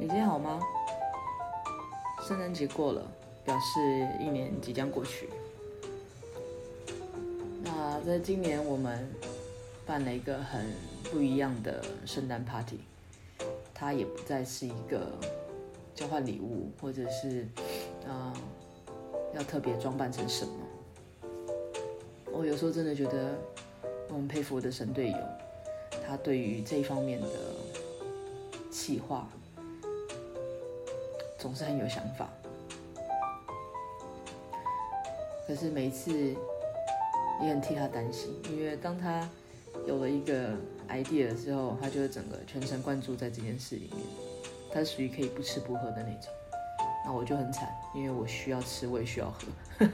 你今天好嗎？聖誕節過了，表示一年即將過去。那在今年，我們辦了一個很不一樣的聖誕 party，它也不再是一個交換禮物，或者是啊、呃、要特別裝扮成什麼。我有時候真的覺得，我很佩服我的神隊友，他對於這一方面的企劃。總是很有想法，可是每一次也很替他擔心，因為當他有了一個 idea 的時候，他就會整個全神貫注在這件事裡面。他屬於可以不吃不喝的那種，那我就很慘，因為我需要吃，我也需要喝。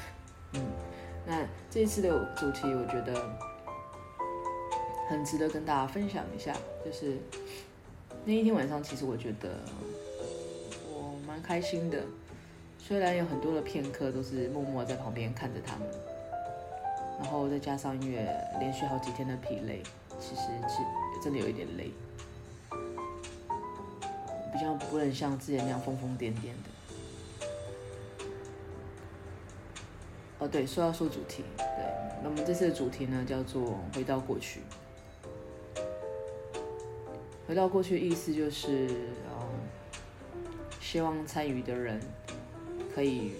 嗯，那這一次的主題，我覺得很值得跟大家分享一下，就是那一天晚上，其實我覺得。開心的，雖然有很多的片刻都是默默在旁邊看着他們，然後再加上因為連續好幾天的疲累，其實是真的有一點累，比較不能像之前那樣瘋瘋癲癲的。哦，對，說要說主題，對，那麼這次的主題呢叫做，回到過去。回到過去的意思就是。希望參與的人可以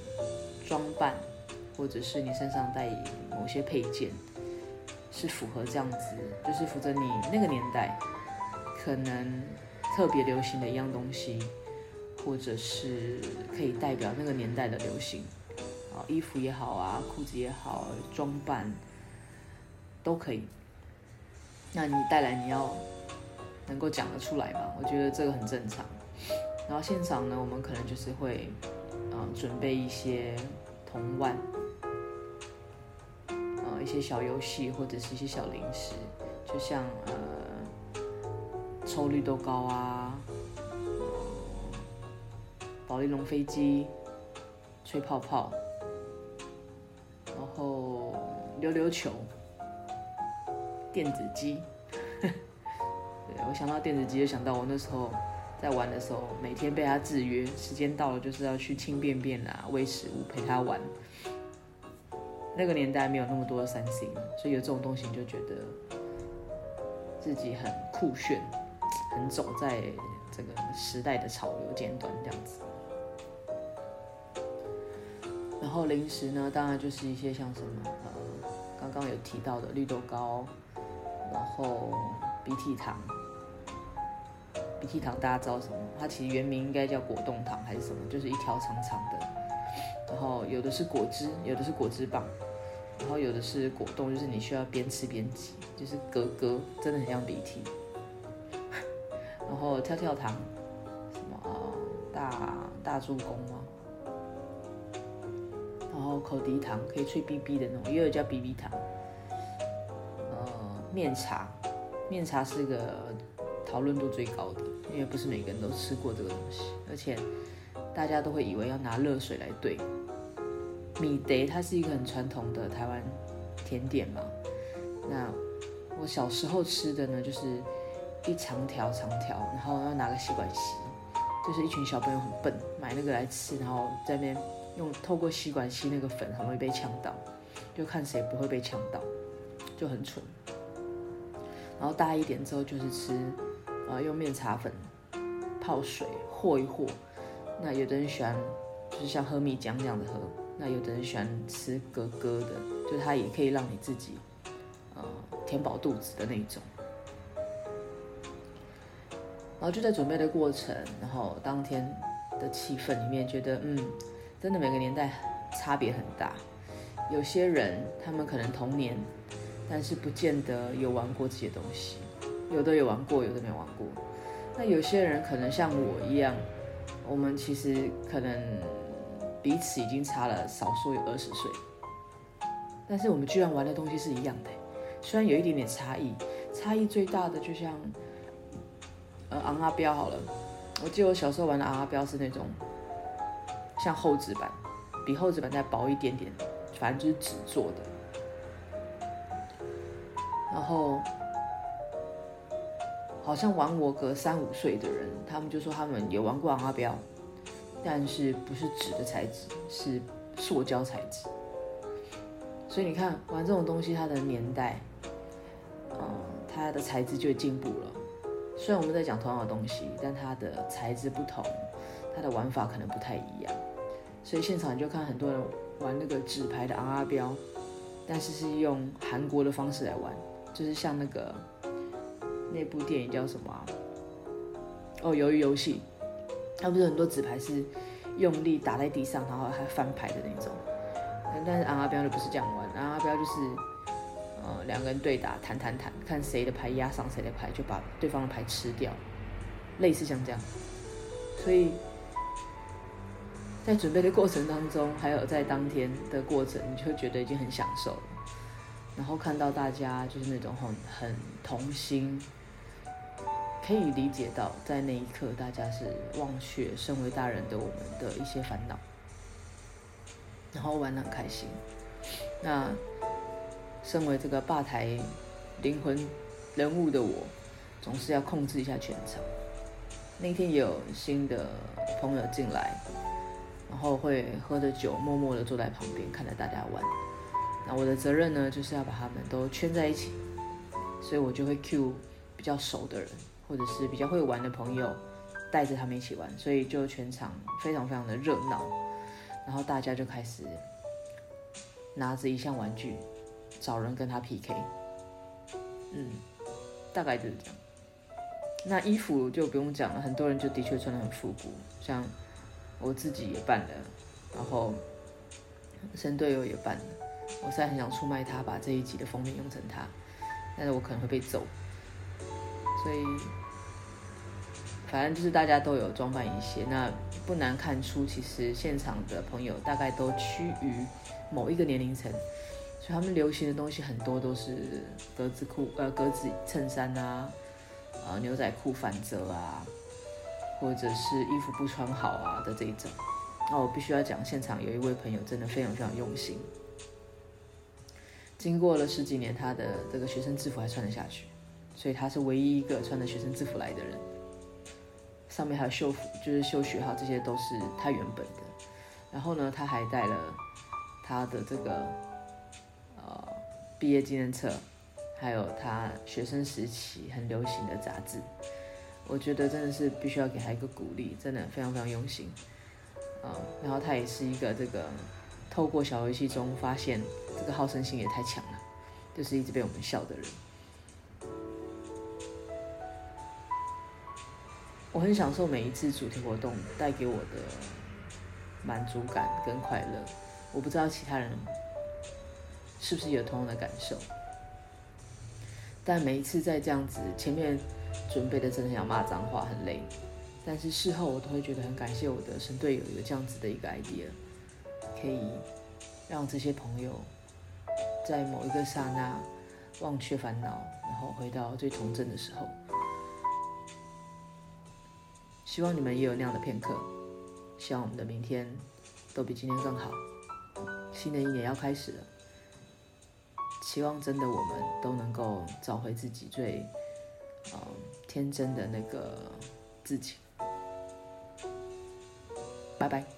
裝扮，或者是你身上帶某些配件，是符合這樣子，就是符合你那個年代，可能特別流行的一樣東西，或者是可以代表那個年代的流行，啊，衣服也好啊，褲子也好，裝扮都可以。那你帶來你要能夠講得出來嗎？我覺得這個很正常。然後現場呢，我們可能就是會，嗯、呃，準備一些童玩，呃，一些小遊戲或者是一些小零食，就像呃，抽綠豆糕啊，保麗龍飛機，吹泡泡，然後溜溜球，電子雞， 對，我想到電子雞就想到我那時候。在玩的時候，每天被他制約，時間到了就是要去清便便啊、餵食物、陪他玩。那個年代沒有那麼多的三星，所以有這種東西就覺得自己很酷炫，很走在這個時代的潮流尖端這樣子。然後零食呢，當然就是一些像什麼呃，剛剛有提到的綠豆糕，然後鼻涕糖。鼻涕糖，大家知道什麼？它其實原名應該叫果凍糖還是什麼？就是一條長長的，然後有的是果汁，有的是果汁棒，然後有的是果凍，就是你需要邊吃邊擠，就是咯咯，真的很像鼻涕。 然後跳跳糖，什麼、呃、大大助攻嗎？然後口笛糖可以吹 BB 的那種，也有叫 BB 糖。呃，麵茶，麵茶是個。討論度最高的，因為不是每個人都吃過這個東西，而且大家都會以為要拿熱水來兌米德，它是一個很傳統的台灣甜點嘛。那我小時候吃的呢，就是一長條長條，然後要拿個吸管吸，就是一群小朋友很笨，買那個來吃，然後在那邊用透過吸管吸那個粉，很容易被嗆到，就看誰不會被嗆到，就很蠢。然後大一點之後就是吃。啊，用麵茶粉泡水和一和，那有的人喜歡就是像喝米漿這樣的喝，那有的人喜歡吃咯咯的，就它也可以讓你自己呃填飽肚子的那一種。然後就在準備的過程，然後當天的氣氛裡面，覺得嗯，真的每個年代差別很大，有些人他們可能童年，但是不見得有玩過這些東西。有的有玩過，有的沒玩過。那有些人可能像我一樣，我們其實可能彼此已經差了少說有二十歲，但是我們居然玩的東西是一樣的，雖然有一點點差異。差異最大的就像呃，尪仔標好了，我記得我小時候玩的尪仔標是那種像厚紙板，比厚紙板再薄一點點，反正就是紙做的。然後。好像玩我個三五歲的人，他們就說他們也玩過阿標，但是不是紙的材質，是塑膠材質。所以你看玩這種東西，它的年代，呃，它的材質就進步了。雖然我們在講同樣的東西，但它的材質不同，它的玩法可能不太一樣。所以現場你就看很多人玩那個紙牌的阿標，但是是用韓國的方式來玩，就是像那個。那部電影叫什麼，啊？哦，魷魚遊戲，他不是很多紙牌是用力打在地上，然後還翻牌的那種。但是、啊、阿彪就不是這樣玩，啊、阿彪就是、呃、兩個人對打，彈彈彈，看誰的牌壓上誰的牌，就把對方的牌吃掉，類似像這樣。所以在準備的過程當中，還有在當天的過程，你就覺得已經很享受了。然後看到大家就是那種很很童心。可以理解到，在那一刻，大家是忘卻身為大人的我們的一些煩惱，然後玩得很開心。那身為這個吧台靈魂人物的我，總是要控制一下全場。那天也有新的朋友進來，然後會喝着酒，默默地坐在旁邊看着大家玩。那我的責任呢，就是要把他們都圈在一起，所以我就會 Q 比較熟的人。或者是比較會玩的朋友帶着他們一起玩，所以就全場非常非常的熱鬧，然後大家就開始拿着一項玩具找人跟他 PK，嗯，大概就是這樣。那衣服就不用講了，很多人就的確穿得很復古，像我自己也扮了，然後神隊友也扮了。我雖然很想出賣他，把這一集的封面用成他，但是我可能會被揍。所以，反正就是大家都有裝扮一些，那不難看出，其實現場的朋友大概都趨於某一個年齡層，所以他們流行的東西很多都是格子褲、呃格子襯衫啊，呃牛仔褲反折啊，或者是衣服不穿好啊的這一種。那我必須要講，現場有一位朋友真的非常非常用心，經過了十幾年，他的這個學生制服還穿得下去。所以他是唯一一個穿着學生制服來的人，上面還有繡，就是繡學號，這些都是他原本的。然後呢，他還帶了他的這個呃畢業紀念冊，還有他學生時期很流行的雜誌。我覺得真的是必須要給他一個鼓勵，真的非常非常用心。呃，然後他也是一個這個透過小遊戲中發現這個好勝心也太強了，就是一直被我們笑的人。我很享受每一次主題活動帶給我的滿足感跟快樂，我不知道其他人是不是也有同樣的感受。但每一次在這樣子前面準備的真的想罵髒話，很累，但是事後我都會覺得很感謝我的神隊友有這樣子的一個 idea，可以讓這些朋友在某一個剎那忘却煩惱，然後回到最童真的時候。希望你們也有那樣的片刻。希望我們的明天都比今天更好。新的一年要開始了，希望真的我們都能夠找回自己最，嗯，天真的那個自己。拜拜。